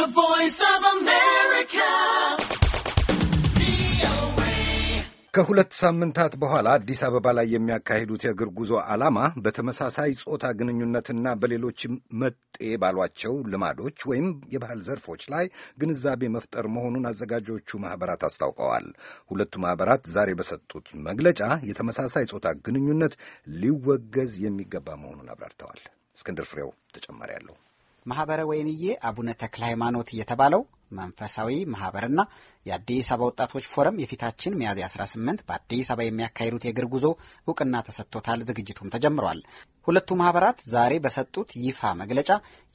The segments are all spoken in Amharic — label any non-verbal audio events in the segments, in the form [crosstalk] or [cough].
The Voice of America. ከሁለት ሳምንታት በኋላ አዲስ አበባ ላይ የሚያካሂዱት የእግር ጉዞ ዓላማ በተመሳሳይ ጾታ ግንኙነትና በሌሎች መጤ ባሏቸው ልማዶች ወይም የባህል ዘርፎች ላይ ግንዛቤ መፍጠር መሆኑን አዘጋጆቹ ማኅበራት አስታውቀዋል። ሁለቱ ማኅበራት ዛሬ በሰጡት መግለጫ የተመሳሳይ ጾታ ግንኙነት ሊወገዝ የሚገባ መሆኑን አብራርተዋል። እስክንድር ፍሬው ተጨማሪ አለው። ማህበረ ወይንዬ አቡነ ተክለ ሃይማኖት እየተባለው መንፈሳዊ ማህበርና የአዲስ አበባ ወጣቶች ፎረም የፊታችን ሚያዝያ 18 በአዲስ አበባ የሚያካሂዱት የእግር ጉዞ እውቅና ተሰጥቶታል። ዝግጅቱም ተጀምሯል። ሁለቱ ማህበራት ዛሬ በሰጡት ይፋ መግለጫ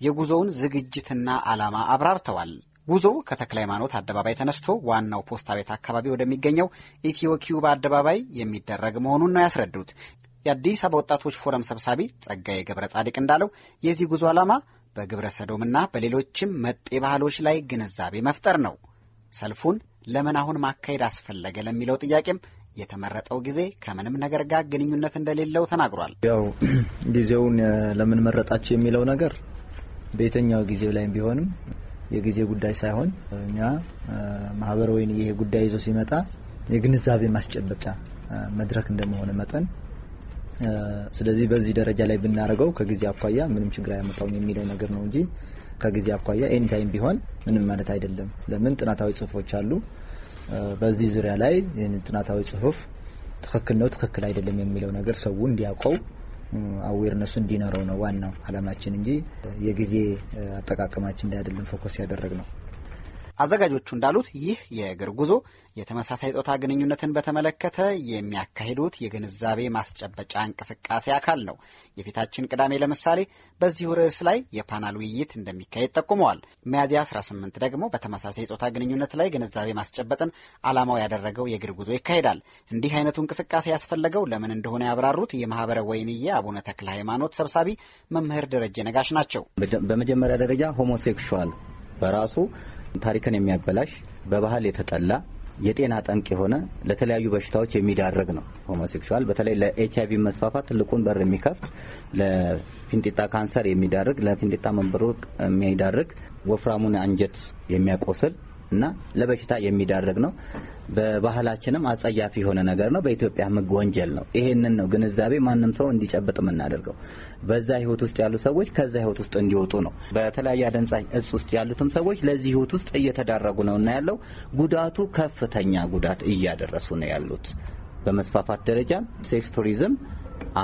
የጉዞውን ዝግጅትና ዓላማ አብራርተዋል። ጉዞ ከተክለ ሃይማኖት አደባባይ ተነስቶ ዋናው ፖስታ ቤት አካባቢ ወደሚገኘው ኢትዮ ኪዩባ አደባባይ የሚደረግ መሆኑን ነው ያስረዱት። የአዲስ አበባ ወጣቶች ፎረም ሰብሳቢ ጸጋዬ ገብረ ጻድቅ እንዳለው የዚህ ጉዞ ዓላማ በግብረ ሰዶምና በሌሎችም መጤ ባህሎች ላይ ግንዛቤ መፍጠር ነው። ሰልፉን ለምን አሁን ማካሄድ አስፈለገ ለሚለው ጥያቄም የተመረጠው ጊዜ ከምንም ነገር ጋር ግንኙነት እንደሌለው ተናግሯል። ያው [clears throat] ጊዜውን ለምን መረጣቸው የሚለው ነገር በየትኛው ጊዜ ላይም ቢሆንም የጊዜ ጉዳይ ሳይሆን እኛ ማህበር ወይን ይሄ ጉዳይ ይዞ ሲመጣ የግንዛቤ ማስጨበጫ መድረክ እንደመሆነ መጠን ስለዚህ በዚህ ደረጃ ላይ ብናደርገው ከጊዜ አኳያ ምንም ችግር አያመጣውም የሚለው ነገር ነው እንጂ ከጊዜ አኳያ ኤኒታይም ቢሆን ምንም ማለት አይደለም። ለምን ጥናታዊ ጽሁፎች አሉ። በዚህ ዙሪያ ላይ ጥናታዊ ጽሁፍ ትክክል ነው፣ ትክክል አይደለም የሚለው ነገር ሰው እንዲያውቀው አዌርነሱ እንዲኖረው ነው ዋናው አላማችን እንጂ የጊዜ አጠቃቀማችን ላይ አይደለም ፎከስ ያደረግ ነው። አዘጋጆቹ እንዳሉት ይህ የእግር ጉዞ የተመሳሳይ ጾታ ግንኙነትን በተመለከተ የሚያካሂዱት የግንዛቤ ማስጨበጫ እንቅስቃሴ አካል ነው። የፊታችን ቅዳሜ ለምሳሌ በዚሁ ርዕስ ላይ የፓናል ውይይት እንደሚካሄድ ጠቁመዋል። ሚያዝያ 18 ደግሞ በተመሳሳይ ጾታ ግንኙነት ላይ ግንዛቤ ማስጨበጥን ዓላማው ያደረገው የእግር ጉዞ ይካሄዳል። እንዲህ አይነቱ እንቅስቃሴ ያስፈለገው ለምን እንደሆነ ያብራሩት የማህበረ ወይንዬ አቡነ ተክለ ሃይማኖት ሰብሳቢ መምህር ደረጀ ነጋሽ ናቸው። በመጀመሪያ ደረጃ ሆሞሴክሹዋል በራሱ ታሪክን የሚያበላሽ በባህል የተጠላ የጤና ጠንቅ የሆነ ለተለያዩ በሽታዎች የሚዳረግ ነው። ሆሞሴክሹዋል በተለይ ለኤች አይቪ መስፋፋት ትልቁን በር የሚከፍት ለፊንጢጣ ካንሰር የሚዳርግ ለፊንጢጣ መንበሩቅ የሚዳርግ ወፍራሙን አንጀት የሚያቆስል እና ለበሽታ የሚዳርግ ነው። በባህላችንም አጸያፊ የሆነ ነገር ነው። በኢትዮጵያ ሕግ ወንጀል ነው። ይሄንን ነው ግንዛቤ ማንም ሰው እንዲጨብጥ የምናደርገው። በዛ ህይወት ውስጥ ያሉ ሰዎች ከዛ ህይወት ውስጥ እንዲወጡ ነው። በተለያየ አደንዛዥ እጽ ውስጥ ያሉትም ሰዎች ለዚህ ህይወት ውስጥ እየተዳረጉ ነው እና ያለው ጉዳቱ ከፍተኛ ጉዳት እያደረሱ ነው ያሉት። በመስፋፋት ደረጃ ሴክስ ቱሪዝም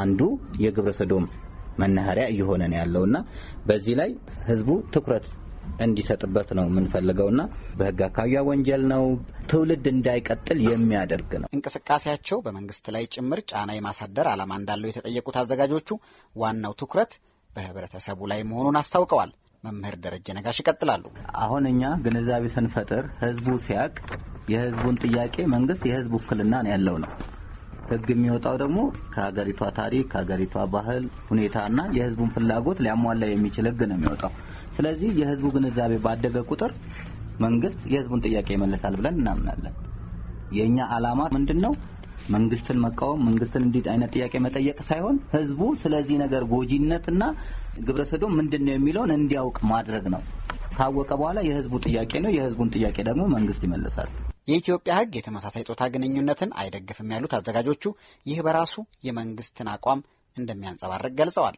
አንዱ የግብረ ሰዶም መናኸሪያ እየሆነ ነው ያለውና በዚህ ላይ ህዝቡ ትኩረት እንዲሰጥበት ነው የምንፈልገው እና በህግ አካባቢያ ወንጀል ነው ትውልድ እንዳይቀጥል የሚያደርግ ነው። እንቅስቃሴያቸው በመንግስት ላይ ጭምር ጫና የማሳደር ዓላማ እንዳለው የተጠየቁት አዘጋጆቹ ዋናው ትኩረት በህብረተሰቡ ላይ መሆኑን አስታውቀዋል። መምህር ደረጀ ነጋሽ ይቀጥላሉ። አሁን እኛ ግንዛቤ ስንፈጥር ህዝቡ ሲያቅ የህዝቡን ጥያቄ መንግስት የህዝብ ውክልና ነው ያለው ነው ህግ የሚወጣው ደግሞ ከሀገሪቷ ታሪክ ከሀገሪቷ ባህል ሁኔታና የህዝቡን ፍላጎት ሊያሟላ የሚችል ህግ ነው የሚወጣው። ስለዚህ የህዝቡ ግንዛቤ ባደገ ቁጥር መንግስት የህዝቡን ጥያቄ ይመልሳል ብለን እናምናለን። የእኛ ዓላማ ምንድን ነው? መንግስትን መቃወም፣ መንግስትን እንዲህ አይነት ጥያቄ መጠየቅ ሳይሆን ህዝቡ ስለዚህ ነገር ጎጂነትና ግብረሰዶ ሰዶም ምንድን ነው የሚለውን እንዲያውቅ ማድረግ ነው። ካወቀ በኋላ የህዝቡ ጥያቄ ነው። የህዝቡን ጥያቄ ደግሞ መንግስት ይመልሳል። የኢትዮጵያ ህግ የተመሳሳይ ጾታ ግንኙነትን አይደግፍም ያሉት አዘጋጆቹ ይህ በራሱ የመንግስትን አቋም እንደሚያንጸባርቅ ገልጸዋል።